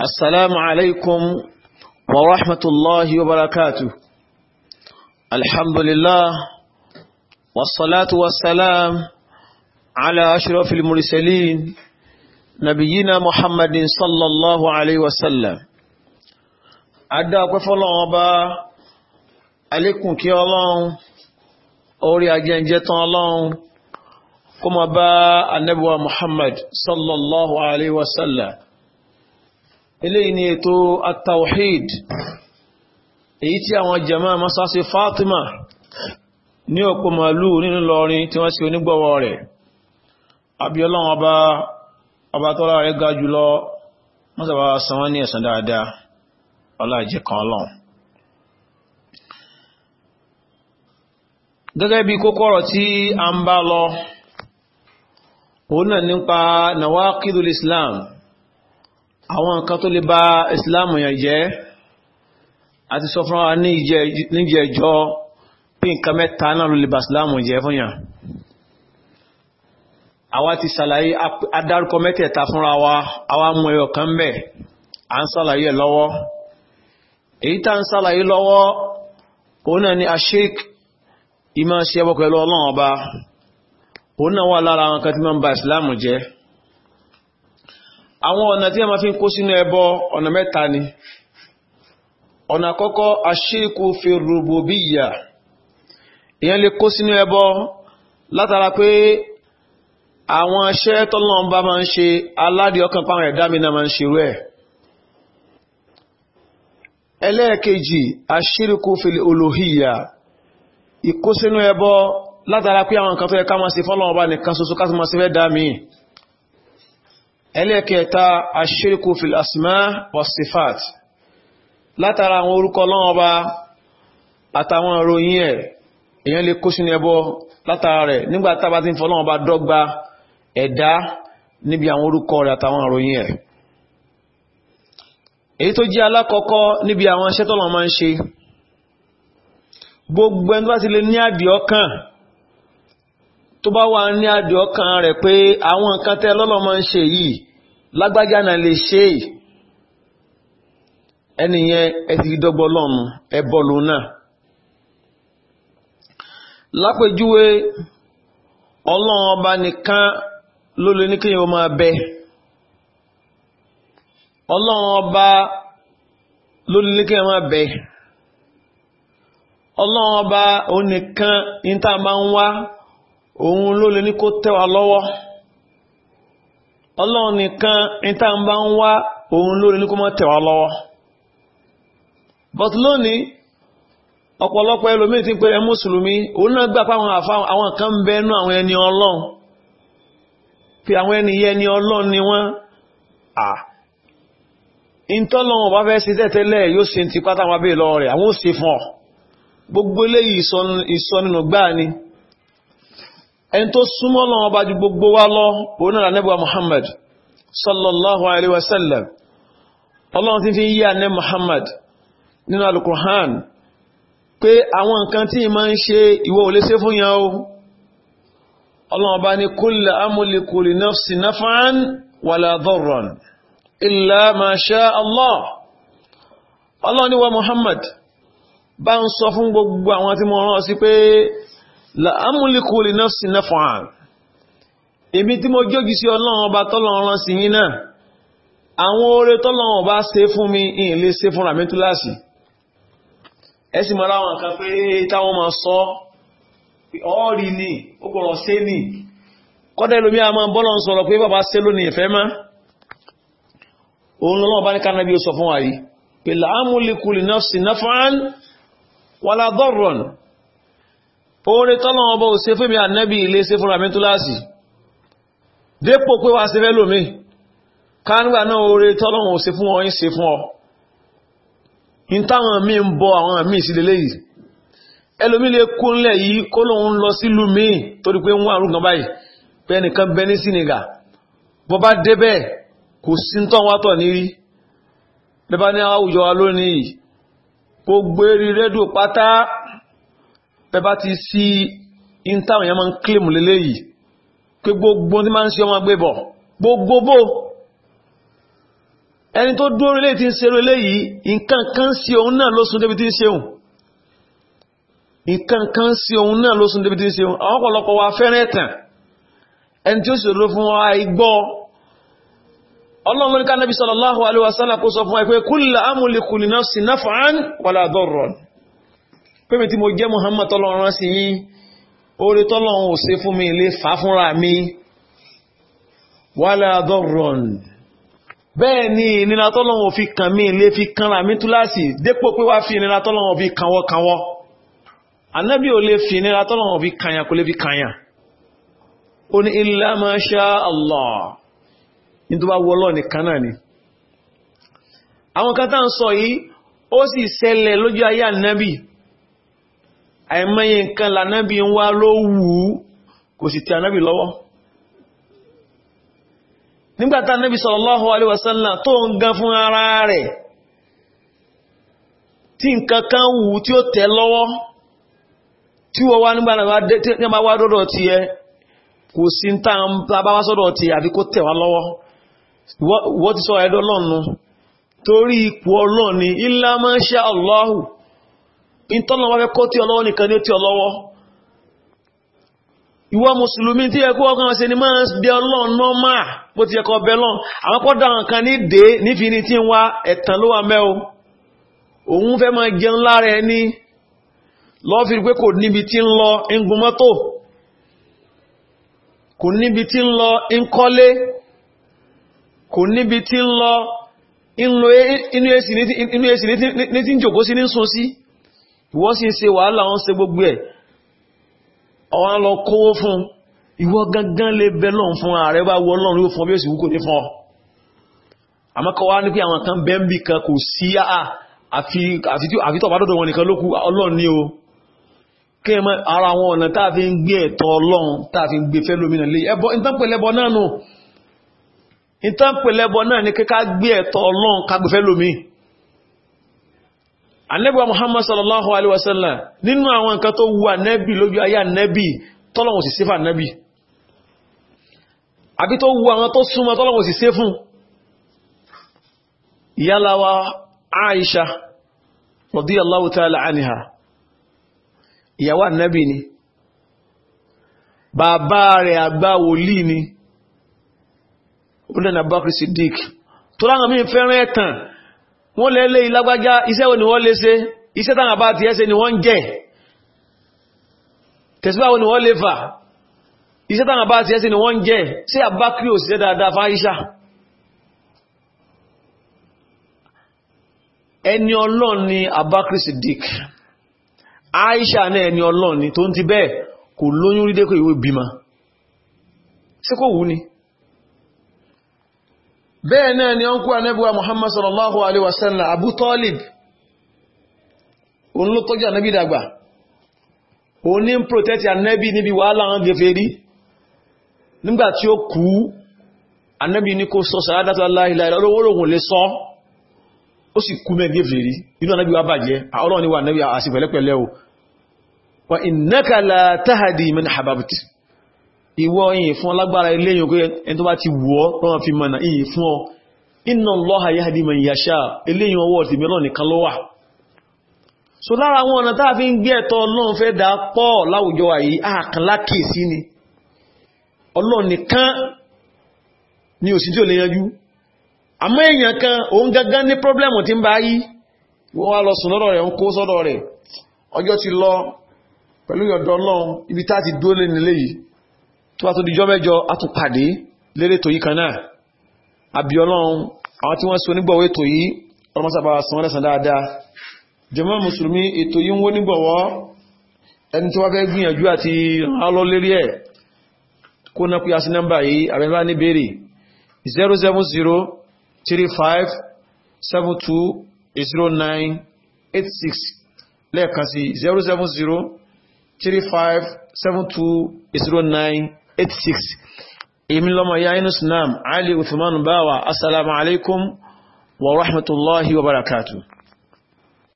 السلام عليكم ورحمة الله وبركاته الحمد لله والصلاة والسلام على أشرف المرسلين نبينا محمد صلى الله عليه وسلم أدى أقفل أبا عليكم كي الله أوري أجنجة الله كما با النبوة محمد صلى الله عليه وسلم eléyìí ni ètò at-tawhid èyí tí àwọn jama masasi Fatima ní òpó màálù nínú lọrin tí wọ́n ṣe onígbọ̀wọ́ rẹ̀ abiola ọba rẹ̀ ga jùlọ mọ́sàbá sanwọ́n ní ẹ̀sán dáadáa ọlájẹ́ kan lọ́n gẹ́gẹ́ bí kókó tí a ń bá lọ òun náà nípa Islam àwọn nǹkan tó lè ba ìsìláàmù yàn jẹ́ àti sọ fún wa níjẹ ẹjọ́ pé nǹkan mẹ́ta náà ló lè ba ìsìláàmù jẹ́ fún yàn àwa ti ṣàlàyé adárúkọ mẹ́tẹ̀ẹ̀ta fúnra wa àwa mú ẹyọ kan bẹ̀ à ń ṣàlàyé lọ́wọ́ èyí tá ń ṣàlàyé lọ́wọ́ òun náà ni àṣíríkì ìmọ̀ ṣe ẹbọ pẹ̀lú ọlọ́run ọba òun náà wà lára àwọn kan tí máa ń ba ìsìláàmù jẹ́ àwọn ọ̀nà tí a máa fi ń kó sínú ẹbọ ọ̀nà mẹ́ta ni ọ̀nà àkọ́kọ́ aṣíríkù fi rububiyya ìyẹn lè kó sínú ẹbọ látara pé àwọn aṣẹ́ tọ́lọ́n bá máa ń ṣe aládìí ọkàn páwọn ẹ̀dá mi náà máa ń ṣerú ẹ̀ ẹlẹ́ẹ̀kejì aṣíríkù fi olóhìyà ìkó sínú ẹbọ látara pé àwọn nǹkan tó yẹ ká máa ṣe fọ́lọ́wọ́ bá nìkan ṣoṣo ká máa ṣe fẹ́ dá míì ẹlẹ́kẹta aṣíríkù fil asmá wasifat látara àwọn orúkọ Ọlọ́run Ọba àtàwọn ìròyìn ẹ̀ èyàn lè kó sínú ẹbọ látara rẹ̀ nígbà tá bá ti ń fọ́lọ́run Ọba dọ́gba ẹ̀dá níbi àwọn orúkọ rẹ̀ àtàwọn ìròyìn ẹ̀ èyí tó jẹ́ alákọ̀ọ́kọ́ níbi àwọn iṣẹ́ tó bá wà ní àdì ọkàn rẹ̀ pé àwọn nǹkan tẹ́ lọ́lọ́ ń ṣe yìí lágbájá náà lè ṣe é ẹniyẹn ẹ̀sì dọ́gbọ́ lọ́nu ẹbọ́lù náà lápèjúwe ọlọ́run ọba nìkan ló lè ní máa bẹ ọba ló lè ní kíyàn máa bẹ ọlọ́run ọba òun nìkan tá a máa ń ọlọ́run nìkan níta ń bá ń wá òun lórí ní kó mọ́ tẹ̀wá lọ́wọ́ but lónìí ọ̀pọ̀lọpọ̀ ẹlòmíì ti ń pèrè mùsùlùmí òun náà gbà páwọn àwọn kan ń àwọn ẹni ọlọ́run pé àwọn ẹni ni wọ́n à ìtọ́lọ́run ọba fẹ́ ṣe tẹ́tẹ́lẹ̀ yóò ṣe ti pátá wọn abẹ́ lọ rẹ̀ àwọn ni ẹni tó súnmọ́ lọ́wọ́ bá ju gbogbo wa lọ òun náà nẹ́bùwa Muhammad sallallahu alaihi wasallam ọlọ́run ti fi yí ànẹ́ Muhammad nínú alukurhan pé àwọn nǹkan tí ìmọ̀ ń ṣe ìwọ ò lè ṣe fún yàn o ọlọ́run bá ní kulla amliku li nafsi naf'an wala darran ma sha Allah ọlọ́run ni wa Muhammad bá ń sọ fún gbogbo àwọn tí mo rán sí pé la amúlikú lè náà sí náà fún èmi tí mo jógi sí ọlọ́run ọba tọ́lọ́run rán sí yín náà àwọn oore tọ́lọ́run ọba ṣe fún mi ìyìn lè ṣe fúnra mi túláàsì ẹ sì mọ́ra wọn kan pé táwọn máa sọ ọ́ọ̀rì ni ó gbọ́rọ̀ sé ni kọ́dẹ̀ lómi a bọ́lọ̀ ń sọ̀rọ̀ pé bàbá sé lónìí ìfẹ́ má òun lọ́wọ́ bá ní kánábí ó sọ fún wa yìí pẹ̀lú amúlikú lè náà sí náà fún oore tọ́lọ́wọ́ ọba ò ṣe fún mi ànábì ilé ṣe fún rami túláàsì dépò pé wá ṣe fẹ́ lómi ká nígbà náà oore tọ́lọ́wọ́ ò ṣe fún ọ ń ṣe fún ọ in táwọn míì ń bọ àwọn míì sí lélẹ́ yìí ẹlòmí lè kó ńlẹ̀ yìí kó lóun lọ sílùú míì torí pé ń wà rúgan báyìí pé ẹnìkan bẹ ní sínìgà bọ́ bá débẹ̀ kò sí tán wá tọ̀ nírí bẹ́bá ní àwùjọ wa lónìí kò gbérí rédíò pátá bẹ́bá ti sí intawọn èèyàn máa ń kílèmù lélẹ́ yìí pé gbogbo tí máa ń sí ọmọ gbé bọ̀ gbogbogbò ẹni tó dúró lé tí ń ṣe lélẹ́ yìí nǹkan kan sí òun náà ló sún débi tí ń ṣeun nǹkan sí òun náà ló sún débi tí ń ṣeun àwọn ọ̀pọ̀lọpọ̀ wa fẹ́ràn ẹ̀tàn ẹni tí ó sì rọ fún wa igbọ́ ọlọ́run ní ká Nábì sallallahu alaihi kó sọ fún wa pé kullu amliku li nafsi naf'an wala darran pẹ́mẹ́ tí mo jẹ́ Muhammad tọ́lọ́rán sí yín orí tọ́lọ́run ò ṣe fún mi lè fà fúnra mi wala dharrun bẹ́ẹ̀ ni ìnira tọ́lọ́run fi kàn mí lè fi kanra mi túláàsì dépò pé wá fi ìnira tọ́lọ́run fi kànwọ́ kànwọ́ anábì ò lè fi ìnira tọ́lọ́run fi kànyà kò lè fi kànyà ó ní illa ma sha Allah ní tó bá wọ́lọ́ nìkan náà ni àwọn kan tá ń sọ yìí ó sì ṣẹlẹ̀ lójú ayé ànábì àìmọye nǹkan lànábì ń wá ló wù ú kò sì ti ànábì lọ́wọ́ nígbàtà ànábì sallallahu alaihi tó ń gan fún ara rẹ̀ tí nǹkan kan wù tí ó tẹ̀ lọ́wọ́ tí wọ́n wá wá ẹ si sọ́dọ̀ ti àbí kó tẹ̀ wá lọ́wọ́ wọ́n ti sọ ẹ̀dọ́ lọ́nu torí ipò ọlọ́ni illa ìtọ́nà wọ́n fẹ́ kó tí ọlọ́wọ́ nìkan ní ó tí ọlọ́wọ́ ìwọ mùsùlùmí tí ẹkú e ọkàn ṣe ni máa ń dé ọlọ́run náà máa bó ti ẹkọ e ọbẹ̀ lọ́n àwọn pọ́dà nǹkan ní dé nífi ní tí ń wá ẹ̀tàn ló wà mẹ́o òun fẹ́ máa jẹun lára ẹni lọ́ fi pé kò níbi tí ń lọ ń gun mọ́tò kò níbi tí ń lọ ń kò níbi tí ń lọ inú èsì ní tí ń jòkó sí ní sùn sí ìwọ sì ṣe wàhálà wọn ṣe gbogbo ẹ̀ ọwọ́n lọ kówó fún ìwọ gangan lè bẹ lọ́n fún ààrẹ bá wọ lọ́n yóò fún bí ó sì wúkò ní fún ọ àmọ́kọ́ wá ní pé àwọn kan bẹ́ẹ̀mbì kan kò sí àà àfi tó bá dọ́dọ̀ wọn nìkan lókù ọlọ́run ní o kí ẹmọ ara wọn ọ̀nà táà fi ń gbé ẹ̀tọ́ ọlọ́run táà fi ń gbé fẹ́lómìnà lé ẹbọ ìtànpẹ̀lẹ́bọ náà nù ìtànpẹ̀lẹ́bọ náà ní kíká gbé ẹ̀tọ́ ọlọ́run ká gbé fẹ́lómìnà anẹ́bíwa muhammad sallallahu alaihi wasallam ninu àwọn nǹkan tó wu anẹ́bí lójú ayé anẹ́bí tọ́lọ̀wọ̀n sì sífà anẹ́bí àbí tó wu àwọn tó súnmọ́ tọ́lọ̀wọ̀n sì sé fún ìyálawa aisha radiyallahu ta'ala anha ìyàwó anẹ́bí ni Baba rẹ̀ àgbà wòlíì ni ó lẹ́nà bakri siddiq tó láwọn mí fẹ́ràn ẹ̀tàn wọ́n lè lè ìlágbájá iṣẹ́ wo ni wọ́n lè ṣe iṣẹ́ táwọn bá ti ẹ́ ni wọ́n jẹ́ tẹ̀síbá wo ni wọ́n lè fà iṣẹ́ táwọn bá ti ẹ́ ni wọ́n jẹ́ sí àbákírí òṣìṣẹ́ dáadáa fáyíṣà ẹni ọlọ́n ni àbákírí Siddiq Aisha náà ẹni ọlọ́n ni tó ń ti bẹ́ẹ̀ kò lóyún rídé ìwé bímọ sí kò wú ni bẹ́ẹ̀ náà ni ọkú anẹ́bíwa muhammad sallallahu alaihi wasallam abu talib òun ló tọ́jú anẹ́bí dàgbà òun ní protẹ́tì anẹ́bí níbi wàhálà wọn gẹ̀fẹ́ rí nígbà tí ó kú anẹ́bí ní kó sọ sàádátà láìláìlá olówórógùn lè sọ ó sì kú mẹ́ gẹ̀fẹ́ rí inú anẹ́bí wá o ìwọ yìí fún lágbára ilé yìí pé ẹni tó bá ti wọ́ rán fi mọ̀nà yìí fún ọ inna Allaha yahdi man yasha ilé ọwọ́ ti mẹ́lọ nìkan ló wà so lára àwọn ọ̀nà táà fi ń gbé ẹ̀tọ́ Ọlọ́run fẹ́ dá pọ̀ láwùjọ àyí ni Ọlọ́run nìkan ni òsì tí ò lè yanjú àmọ́ èèyàn kan òun gangan ní pọ́blẹ́mù tí ń bá yí wọ́n wá lọ sùn lọ́dọ̀ rẹ̀ ọjọ́ ti lọ pẹ̀lú ìyọ̀dọ̀ Ọlọ́run ibi tá ti dúró lé nílé yìí tó wá tó dijọ́ mẹ́jọ àtúnpàdé lérè tòyí kan náà àbíọ́lọ́run àwọn tí wọ́n so nígbọ̀wọ́ ètò yìí ọlọ́mọsábà sanwó lẹ́sàn dáadáa jàmáà mùsùlùmí ètò yìí ń wó nígbọ̀wọ́ ẹni tó wá fẹ́ gbìyànjú àti alọ́ lérí ẹ̀ kó náà pé a sí nọ́mbà yìí àbẹ́bá ní béèrè 07035720986 lẹ́ẹ̀kan sí 07035720986 86 èmi lọ́mọ ya inus naam ali uthman bawa assalamu alaikum wa rahmatullahi wa barakatuh